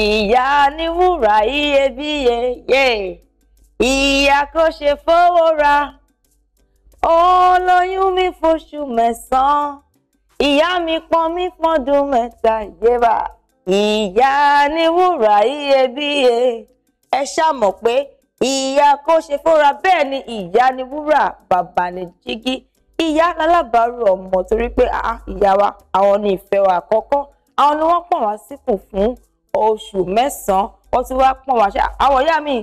ìyá ní wúrà iyebíye yé ìyá kò ṣe fowó ra olóyún mi fóṣù mẹ́sàn-án ìyá mi pọ́n mi fọ́dún mẹ́ta yébà ìyá ní wúrà iyebíye ẹ ṣàmọ̀ pé ìyá kò ṣe fóra bẹ́ẹ̀ ni ìyá ní wúrà bàbá ní jígí ìyá alábàárù ọmọ torí pé ah, ìyá wa àwọn ní ìfẹ́ wa àkọ́kọ́ àwọn ni wọ́n pọ̀ wá síkùn fún oṣù mẹ́sàn-án ó ti wá pọ̀n wá ṣe àwọn ìyá mi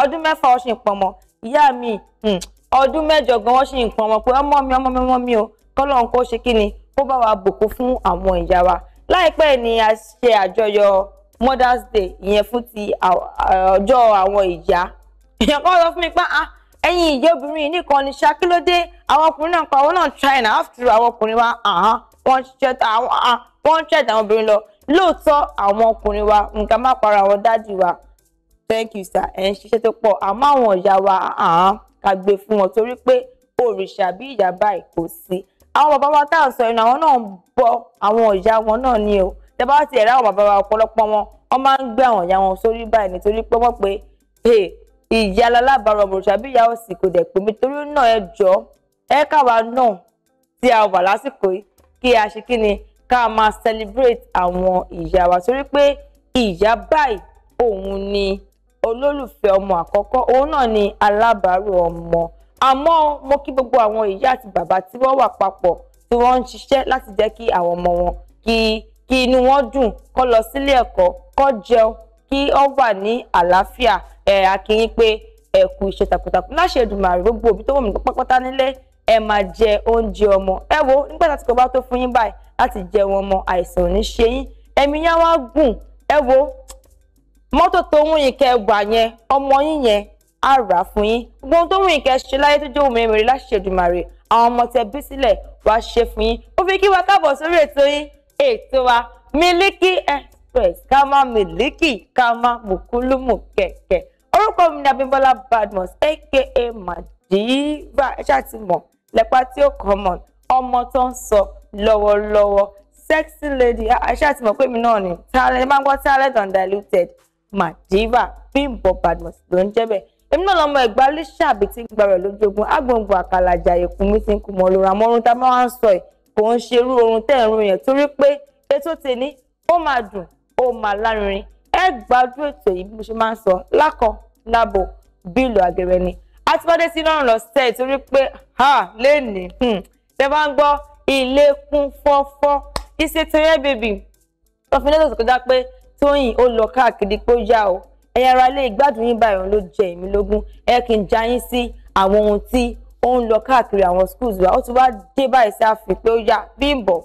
ọdún mẹ́fà wọ́n ṣì ń pọ̀n mọ́ ìyá mi hmm, ọdún mẹ́jọ gan wọ́n ṣì ń pọ̀n mọ́ pé ọmọ mi ọmọ mi ọmọ mi o kọ́lọ́n kó ṣe kí ni kó bá wa bùkún fún àwọn ìyá wa láìpẹ́ ni a ṣe àjọyọ̀ Mother's Day ìyẹn fún ti ọjọ́ àwọn ìyá èèyàn kan sọ fún mi pé ah ẹ̀yin ìyá obìnrin nìkan ni ṣá kí ló dé àwọn ọkùnrin náà pa àwọn náà China after àwọn ọkùnrin wa wọ́n ń ṣẹ́ta àwọn ah, obìnrin lọ lóòótọ́ àwọn ọkùnrin wa nǹkan má para àwọn dádì wa thank you sir ẹ̀ ń ṣiṣẹ́ tó pọ̀ àmọ́ àwọn ìyá wa àán ká gbé fún wọn torí pé òrìṣà bí ìyá báyìí kò sí àwọn bàbá wa tá à ń sọ ẹnu àwọn náà ń bọ àwọn ìyá wọn náà ni o tẹ́bá ti ẹ̀rọ àwọn bàbá wa ọ̀pọ̀lọpọ̀ wọn wọ́n máa ń gbé àwọn ìyá wọn sórí báyìí nítorí pé wọ́n pe ìyá alábàárọ̀ òrìṣà bí ìyá òsì kò dẹ̀ pé mi torí náà ẹ jọ ẹ káwa náà tí a wà lásìkò yìí kí a ṣe kí ni ká máa celebrate àwọn ìyá wa torí pé ìyá báyìí òun ni olólùfẹ́ ọmọ àkọ́kọ́ òun náà ni alábàárò ọmọ àmọ́ mo kí gbogbo àwọn ìyá àti bàbá tí wọ́n wà papọ̀ tí wọ́n ń ṣiṣẹ́ láti jẹ́ kí àwọn ọmọ wọn kí kí inú wọn dùn kó lọ sílé ẹ̀kọ́ kó jẹun kí ó wà ní àlàáfíà ẹ̀ a pé ẹ kú iṣẹ́ takuntakun láṣẹ Èdùmàrè gbogbo òbí tó wọ̀ mí pátápátá nílé ẹ máa jẹ oúnjẹ ọmọ ẹ wo nígbà tí kò bá tó fún yín báyìí láti jẹun ọmọ àìsàn ò ní ṣe yín ẹ̀mí yẹn wá gùn ẹ wo mọ́tò tó wù yín kẹ́ wà yẹn ọmọ yín yẹn á rà fún yín gbogbo ohun tó wù yín kẹ́ ṣe láyé tó jẹ́ òun mèrè láṣẹ Èdùmàrè àwọn ọmọ tẹ́ bí sílẹ̀ wá ṣe fún yín ó fi kí wa káàbọ̀ sórí ètò yín ètò wa Miliki Express ká má miliki ká má mùkúlùmù kẹ̀kẹ́ orúkọ mi ni Abímbọ́lá Badmus aka Madiva ẹ ṣáà ti mọ̀ lẹ́pa tí ó kọ́ mọ̀ ọmọ tó ń sọ lọ́wọ́lọ́wọ́ sexy lady aṣáà ti mọ̀ pé mi náà ni talent máa ń gbọ́ talent undiluted madiva Bimbo Badmus ló ń jẹ́ bẹ́ẹ̀ èmi náà lọmọ ẹ̀gbá lẹ́ṣàbí tí ń gbàrẹ̀ lójú ogun agbóǹgbò àkàlàjà èkó mi ti ń kú mọ́ lóra mọ́rún tá a máa ń sọ ẹ̀ kò ń ṣerú orun tẹ́ ẹ̀ ń rìn yẹn torí pé ètò tèmi ó máa dùn ó máa lárinrin ẹ gbádùn ètò yìí bí mo ṣe máa ń sọ lákọ lábo bílò àgẹrẹ ni àti bọ́dé sí lọ́rùn lọ́sẹ̀ torí pé lẹ́nìí hmm, ṣe bá ń gbọ́ ilé kún fọ́fọ́ ìṣe tẹ̀yẹ́ bèbí ọ̀fìn lẹ́sọ̀ kọjá pé tóyìn ó lọ káàkiri pé ó yá o ẹ̀yà ara lè gbádùn yín báyọ̀ ló jẹ èmi lógún ẹ kì í já yín sí àwọn ohun tí ó ń lọ káàkiri àwọn schools wa ó ti wá dé báyìí sí àfi pé ó yá Bímbọ́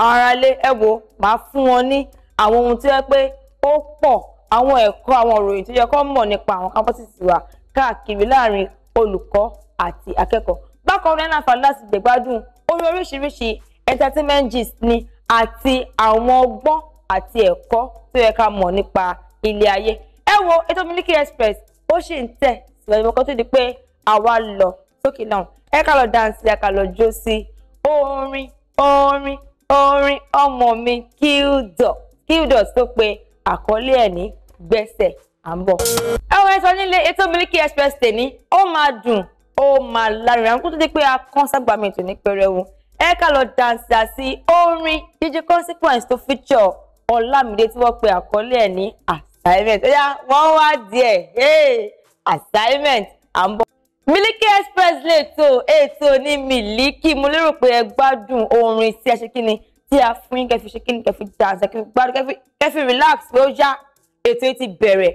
àwọn ará ilé ẹ wo màá fún wọn ní àwọn ohun tó yẹ pé ó pọ̀ àwọn ẹ̀kọ́ àwọn òròyìn tó yẹ kó mọ̀ nípa àwọn campuses wa káàkiri láàrin olùkọ́ àti akẹ́kọ̀ọ́ bákan náà náà fàlẹ́ láti gbẹ̀gbádùn orí oríṣiríṣi entertainment gist ni àti àwọn ọgbọ́n àti ẹ̀kọ́ tó yẹ ká mọ̀ nípa ilé ayé ẹ wo ètò Miliki Express ó sì ń tẹ̀ síwájú mọ́kàn tó di pé àwa lọ sókè náà ẹ ká lọ dáǹsì ẹ ká lọ jó sí orin orin orin ọmọ mi kildor kildor tó pe àkọlé ẹ̀ ní gbẹ́sẹ̀ à ń bọ̀ bá sọ nílé ètò Miliki Express tèmi ó máa dùn ó máa lárinrin àwọn kó tó di pé a kán ságbàmì tò ní pẹrẹwu ẹ ká lọ dànsà sí orin DJ Consequence tó feature Ọlámídé tí wọ́n pe àkọlé ẹ̀ ní assignment ó yá wọ́n wá díẹ̀ assignment à ń bọ̀. Miliki Express lè tó ètò ní Miliki mo lérò pé ẹ gbádùn orin tí a ṣe kí ni tí a fún yín kẹfì ṣe kí kẹfì dànsà kẹfì gbádùn kẹfì relax pé ó yá ètò yìí ti bẹ̀rẹ̀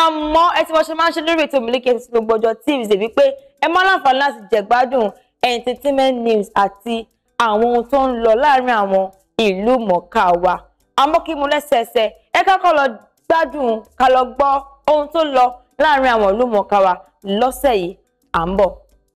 àmọ́ ẹ ti wọ́n ṣe máa ń ṣe lórí ètò Miliki Express gbogbo ọjọ́ Tuesday wípé ẹ máa láǹfààní láti jẹ̀gbádùn entertainment news àti àwọn ohun tó ń lọ láàárín àwọn ìlú mọ̀ọ́ká wa àmọ́ kí mo lẹ́sẹẹsẹ ẹ kákọ́ lọ gbádùn ká lọ gbọ́ ohun tó lọ láàárín àwọn ìlú mọ̀ọ́ká wa lọ́sẹ̀ yìí à ń bọ̀.